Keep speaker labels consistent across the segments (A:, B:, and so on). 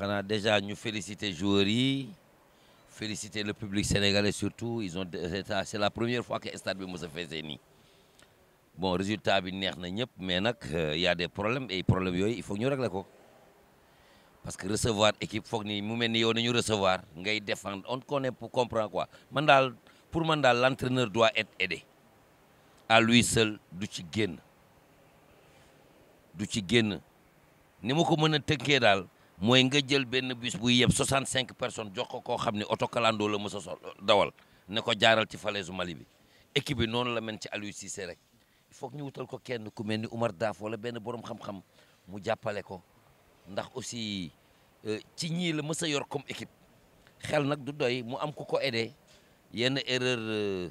A: xanaa déjà ñu féliciter joueurs yi féliciter le public sénégalais surtout ils ont c'est la première fois que stade bi mos a feesee nii bon résultat bi neex na ñëpp mais nag euh, y a des problèmes et problèmes yooyu il faut ñu régler ko parce que recevoir équipe foog ni mu mel ni yow nañu recevoir ngay défendre on connaît pour comprendre quoi man daal pour man daal l'entraîneur doit être aidé à lui du ci génn du ci génn ni ma ko mën a tënkee daal mooy nga jël benn bus buy yeb 65 personnes jox ko koo xam ni oto kalandoo la mës a so dawal ne ko jaaral ci falaise Mali bi équipe bi noonu la mel ci Aliou Cissé rek il faut ñu wutal ko kenn ku mel ni Umar Daaf wala benn borom xam-xam mu jàppale ko ndax aussi euh, ci ñii la mës a yor comme équipe xel nag du doy mu am ku ko aidé yenn erreur euh,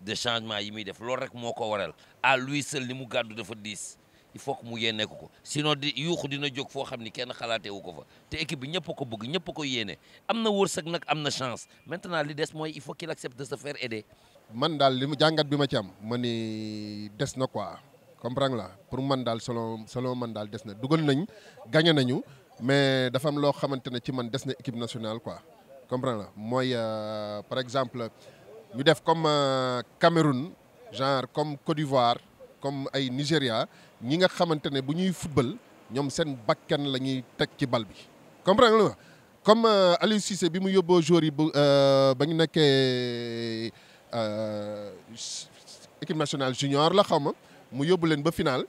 A: de changement yi muy def loolu rek moo ko waral à lui seul ni mu gàddu dafa diis. il faut que mu yéene ko ko sinon di dina jog foo xam ni kenn xalaatee wu ko fa te équipe bi ñëpp ko bëgg ñëpp ko yéene am na wërsëg nag am na chance maintenant li des mooy il faut qu'il accepte de se faire aider.
B: man daal li mu jàngat bi ma ci am ma ni des na quoi comprendre la pour man daal selon selon man daal des na dugal nañ gagné nañu mais dafa am loo xamante ne ci man des na équipe nationale quoi comprendre la mooy euh, par exemple ñu def comme euh, Cameroun genre comme Côte d'Ivoire. comme ay Nigéria ñi nga xamante ne bu ñuy football ñoom seen bakkan la ñuy teg ci bal bi. comprendre nga comme euh, Aliou Cissé bi mu yóbboo joueurs yi bu euh, ba ñu nekkee euh, équipe nationale junior la xaw mu yóbbu leen ba final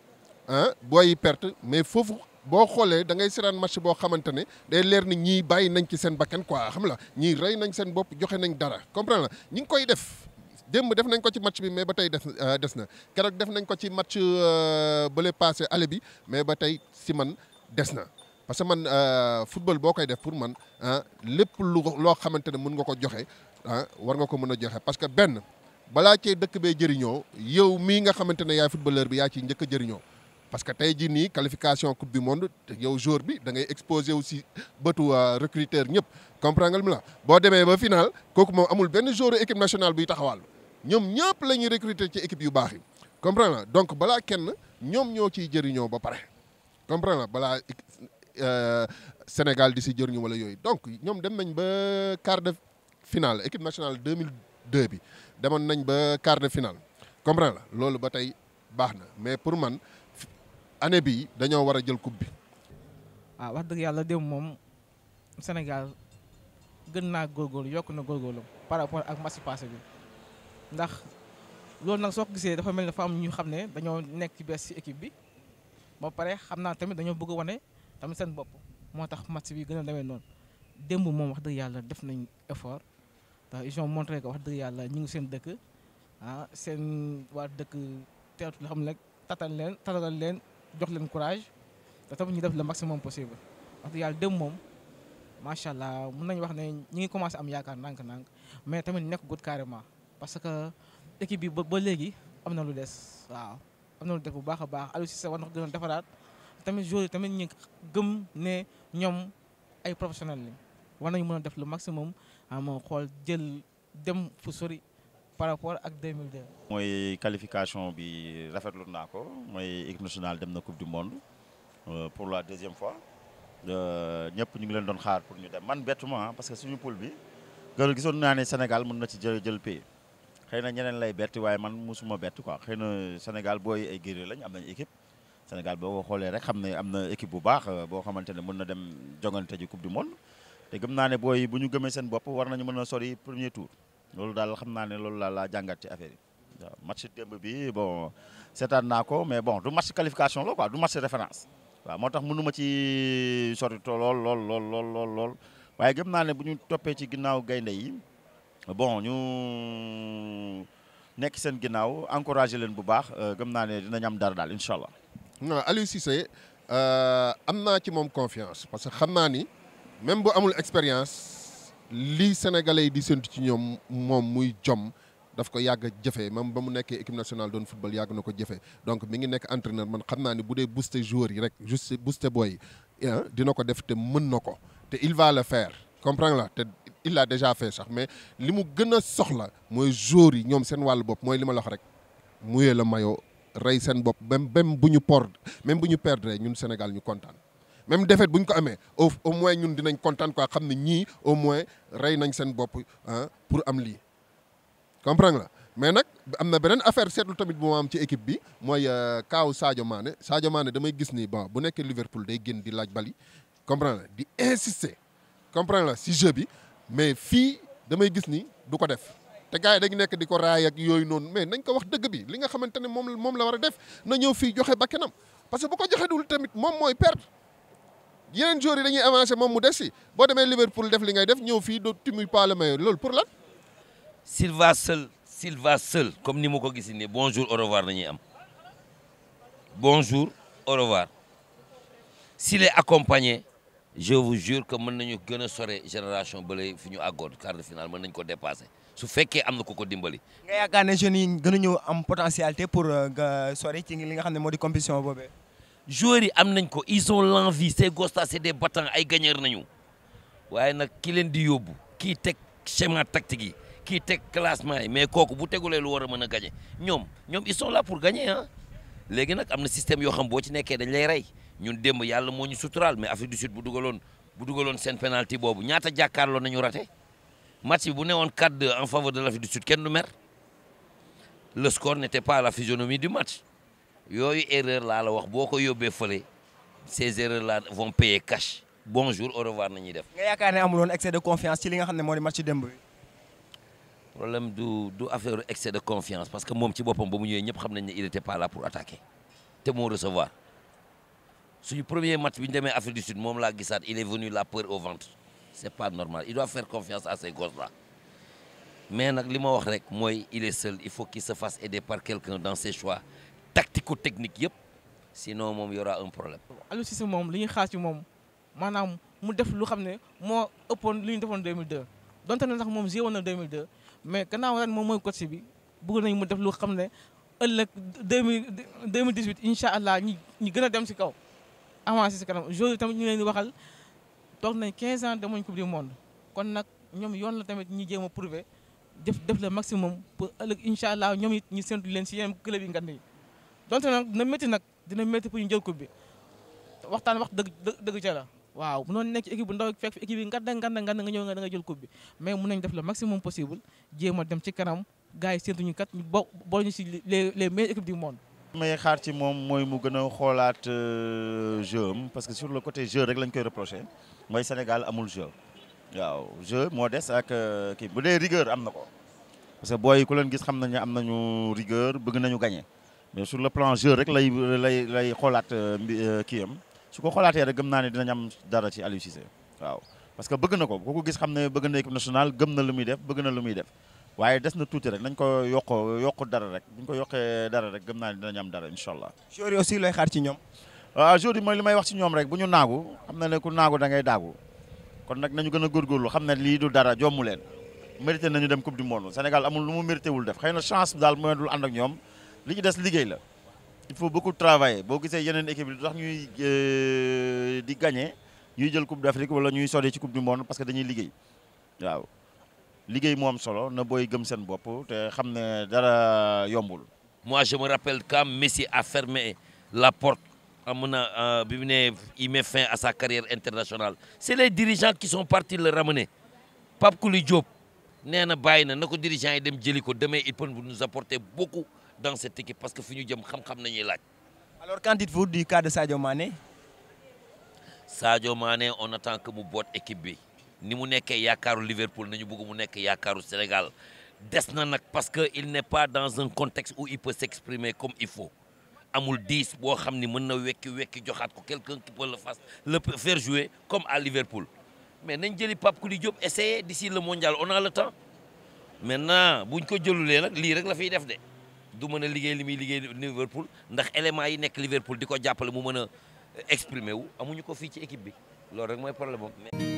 B: ah booy perte mais foofu. boo xoolee da ngay seetaan match boo xamante ne day leer ni ñii bàyyi nañ ci seen bakkan quoi xam la ñii rey nañ seen bopp joxe nañ dara comprendre la ñi ngi koy def démb def nañ ko ci match bi mais ba tey des euh, des na keroog def nañ ko ci match euh, bële passé ale bi mais ba tey si man des na parce que man euh, football boo koy def pour man ah lépp lu loo xamante ne mun nga ko joxe ah war nga ko mën a joxe parce que benn balaa cee dëkk bee jëriñoo yow mii nga xamante ne yaay footballeur bi yaa ci njëkk jëriñoo parce que tey jii nii qualification coupe du monde yow joueur bi da ngay exposé aussi bëtu recruteur ñëpp comprendre nga lu mu la boo demee ba final kooku moom amul benn joueur équipe nationale buy taxawal. ñoom ñëpp la ñuy recruter ci équipe yu baax yi comprendre nga donc balaa kenn ñoom ñoo ciy jëriñoo ba pare comprendre nga balaa euh, Sénégal di si jëriñu wala yooyu donc ñoom dem nañ ba quart de finale équipe nationale 2002 bi demoon nañ ba quart de finale comprendre la loolu ba tey baax na mais pour man année bi dañoo war a jël coupe bi.
C: waaw ah, wax dëgg yàlla dem moom Sénégal gën naa góorgóorlu yokk na góorgóorlu par rapport ak match passé ndax loolu nag soo gisee dafa mel ni dafa am ñu xam ne dañoo nekk ci bees ci équipe bi ba pare xam naa tamit dañoo bëgg a wane tamit seen bopp moo tax match bi gën a demee noonu démb moom wax dëgg yàlla def nañ effort ndax ils ont montré wax dëgg yàlla ñu ngi seen dëkk ah seen waa dëkk teewtu loo xam ne tatal leen tatalal leen jox leen courage te tamit ñu def le maximum possible wax dëgg yàlla démb moom macha allah mun nañ wax ne ñu ngi commencé am yaakaar ndànk-ndànk mais tamit nekk gut carrément. parce que équipe bi ba léegi am na lu des waaw am na lu des bu baax a baax Aliou Cissé war na ko gën defaraat tamit joueurs yi tamit ñu gëm ne ñoom ay professionnels lañ war nañu mën a def le maximum am ah, xool jël dem fu sori par rapport ak 2002.
D: mooy qualification bi rafetlu naa ko mooy équipe nationale dem na coupe du monde euh, pour la deuxième fois euh, ñëpp ñu ngi leen doon xaar pour ñu dem man bettuma ah, parce que suñu poule bi gën gisoon naa ne Sénégal mën na ci jël jël xëy na ñeneen lay bett waaye man musuma bett quoi xëy na Sénégal booy ay guerrier lañ am nañ équipe Sénégal boo ko xoolee rek xam ne am na équipe bu baax euh, boo xamante ne mën na dem jongante ji coupe du monde te gëm naa ne booy bu ñu gëmee seen bopp war nañu mën a sori premier tour loolu daal xam naa ne loolu laa laa jàngat ci affaire yi match démb bi bon seetaan naa ko mais bon du match qualification la quoi du match référence waaw moo tax mënuma ci sori lool lool lool lool lool lool waaye gëm naa ne bu ñu toppee ci ginnaaw gaynde yi bon ñu nekk seen ginnaaw encouragé leen bu baax euh, gëm naa ne dinañ am dara daal incha allah.
B: non Aliou Cissé euh, am naa ci moom confiance parce que xam naa ni même bu amul expérience lii sénégalais yi di séntu ci ñoom moom muy jom. daf ko yàgg jëfee même ba mu nekkee équipe nationale doon football yàgg na ko jëfee donc mi ngi nekk entraîneur man xam naa ni bu dee booster joueurs yi rek juste booster boy yi dina ko def te mën na ko te il va le la te il l'a déjà fait sax mais li mu gën a soxla mooy joueurs yi ñoom seen wàllu bopp mooy li ma la wax rek muyee la maillot rey seen bopp même même bu ñu por même bu ñu perdre ñun Sénégal ñu kontaan même défaite bu ko amee au au moins ñun dinañ kontaan quoi xam ne ñii au moins rey nañ seen bopp ah pour am lii comprendre la mais nag am na beneen affaire seetlu tamit bu ma am ci équipe bi mooy euh, kaaw Sadio Mané Sadio Mané damay gis ni bon bu nekkee Liverpool day génn di laaj bali comprendre di insister comprendre la si jeu bi mais fii damay gis ni du ko def te gars yi dañu nekk di ko raay ak yooyu noonu mais nañ ko wax dëgg bi li nga xamante ne moom moom la war a def na ñëw fii joxe bakkanam parce que bu ko joxe dul tamit moom mooy perte yeneen joueurs yi dañuy avancé moom mu des si boo demee Liverpool def li ngay def ñëw fii doo timuy pas le meilleur loolu pour lan. s'il va
A: seul s'il va comme ni mu ko gis nii bonjour au revoir la ñuy am bonjour au revoir s'il est accompagné. je vous jure que mën nañu gën a sore génération bële fi ñu àggoon quart finale mën nañu ko dépassé su fekkee am na ku ko dimbali.
D: nga ne jeunes yi gën a ñëw am potentialité pour euh, nga sore nga xam ne moo di compétition boobee. joueurs yi am nañ
A: ko ils ont l'envie ces gosses-là c'est des battants ay gagneurs nañu waaye nag ki leen di yóbbu kii teg schéma tactique yi kii teg classement mais kooku bu tegulee lu war a mën a gagner ñoom ñoom ils sont là pour gagner ah léegi nag am na système yoo xam boo ci nekkee dañ lay rey. ñun démb yàlla moo ñu suturaal mais Afrique du Sud bu dugaloon bu seen penalty boobu ñaata jàkkaarloo nañu raté match bi bu newoon 4-2 en faveur de l'Afrique du Sud kenn nu mer le score n'était pas la physionomie du match yooyu erreur laa la wax boo ko yóbbee fële ces erreurs là vont payer cash bonjour au revoir na ñuy def.
D: nga yaakaar ne amuloon excès de confiance ci li nga xam ne moo di match démb bi.
A: problème du du affaire excès de confiance parce que moom ci boppam ba mu ñëpp xam nañ ne il était pas là pour attaquer suñu premier match bi ñu demee Afrique du Sud moom laa gisaat il est venu la peur au ventre c'est pas normal il doit faire confiance à ces gosses là mais nag li ma wax rek mooy il est seul il faut qu'il se fasse aider par quelqu'un dans ses choix tactico-techniques yëpp sinon moom y aura un problème.
C: Aliou Cissé moom lu ñuy xaar ci moom maanaam mu def lu xam ne moo ëppoon li ñu defoon 2002 donte ne sax moom jéewoon na 2002 mais gannaaw ren moom mooy coach bi bëgg nañ mu def lu xam ne ëllëg deux mille deux mille dix incha allah ñi ñi gën a dem ci avance si kanam joueurs yi tamit ñu leen di waxal toog nañ 15 ans demuñ coupe du monde kon nag ñoom yoon la tamit ñu jéem a prouver def def le maximum pour ëllëg incha allah ñoom it ñu séntu leen si yeneen club yi ngand yi donte dina métti nag dina métti ñu jël coupe bi waxtaan wax dëgg dëgg ca la waaw mënoon nekk équipe bu nga ñëw nga da nga jël coupe mun nañ def le maximum possible jéem a dem ci kanam gars yi séntu ñu kat ñu bo boole ñu si les les meilleures équipes monde may xaar
D: ci moom mooy mu gën a xoolaat euh, jeu am parce que sur le côté jeu rek lañ koy reproché mooy Sénégal amul jeu waaw jeu moo des ak euh, kii bu dee rigueur am na ko parce que booy ku leen gis xam nañu am nañu rigueur bëgg nañu gañe mais sur le plan jeu rek lay lay lay xoolaat euh, kii am su ko xoolaatee rek gëm naa ne dinañ am dara ci Aliou waaw parce que bëgg na ko ku ko gis xam ne bëgg na équipe gëm na lu muy def bëgg na lu muy def waaye des na tuuti rek nañ ko yokk yokk dara rek bu ñu ko yokkee dara rek gëm naa ne dinañ am dara incha allah. joueurs yi aussi looy xaar ci ñoom. waaw ah, joueurs yi mooy li may wax ci ñoom rek bu ñu naagu xam na ne ku naagu da ngay daagu kon nag nañu gën a góorgóorlu xam ne lii du dara jommu leen mérité nañu dem coupe du monde Sénégal amul lu mu mérité def xëy na chance daal mooy dul ànd ak ñoom li ñu des liggéey la il faut beaucoup travailler boo gisee yeneen équipe yi du tax ñuy euh, di gagné ñuy jël coupe d'Afrique wala ñuy sori ci coupe du monde parce que dañuy liggéey waaw. liggéey moom am solo na booy gëm seen bopp te xam ne dara yombul.
A: moi je me rappelle quand Messi a fermé la porte am na euh, bi mu ne i met fin à sa carrière international c'est les dirigeants qui sont partis le ramener Pape Kouli Diop nee na bàyyi na na ko dirigeants yi dem jëli ko demain il peut nous apporter beaucoup dans cette équipe parce que fu ñu jëm xam-xam ñuy laaj.
D: alors qu'en dites-vous du cas de Sadio maane
A: Sadio Mané on attend que mu boot équipe bi. ni mu nekkee yaakaaru Liverpool nañu bëgg mu nekk yaakaaru Sénégal des na nag parce que il ne pas dans un contexte où il peut s'exprimer comme il faut amul dix boo xam ni mën na wekki wekki joxaat ko quelqu'un qui peut le faire le faire jouer comme à Liverpool mais nañ jëli Pape Kouli Diop essayer d'ici le mondial on a le temps bu buñ ko jëlulee nag lii rek la fiy def de du mën a liggéey li muy liggéey Liverpool ndax éléments yi nekk Liverpool di ko jàppale mu mën a exprimer wu amuñu ko fii ci équipe bi loolu rek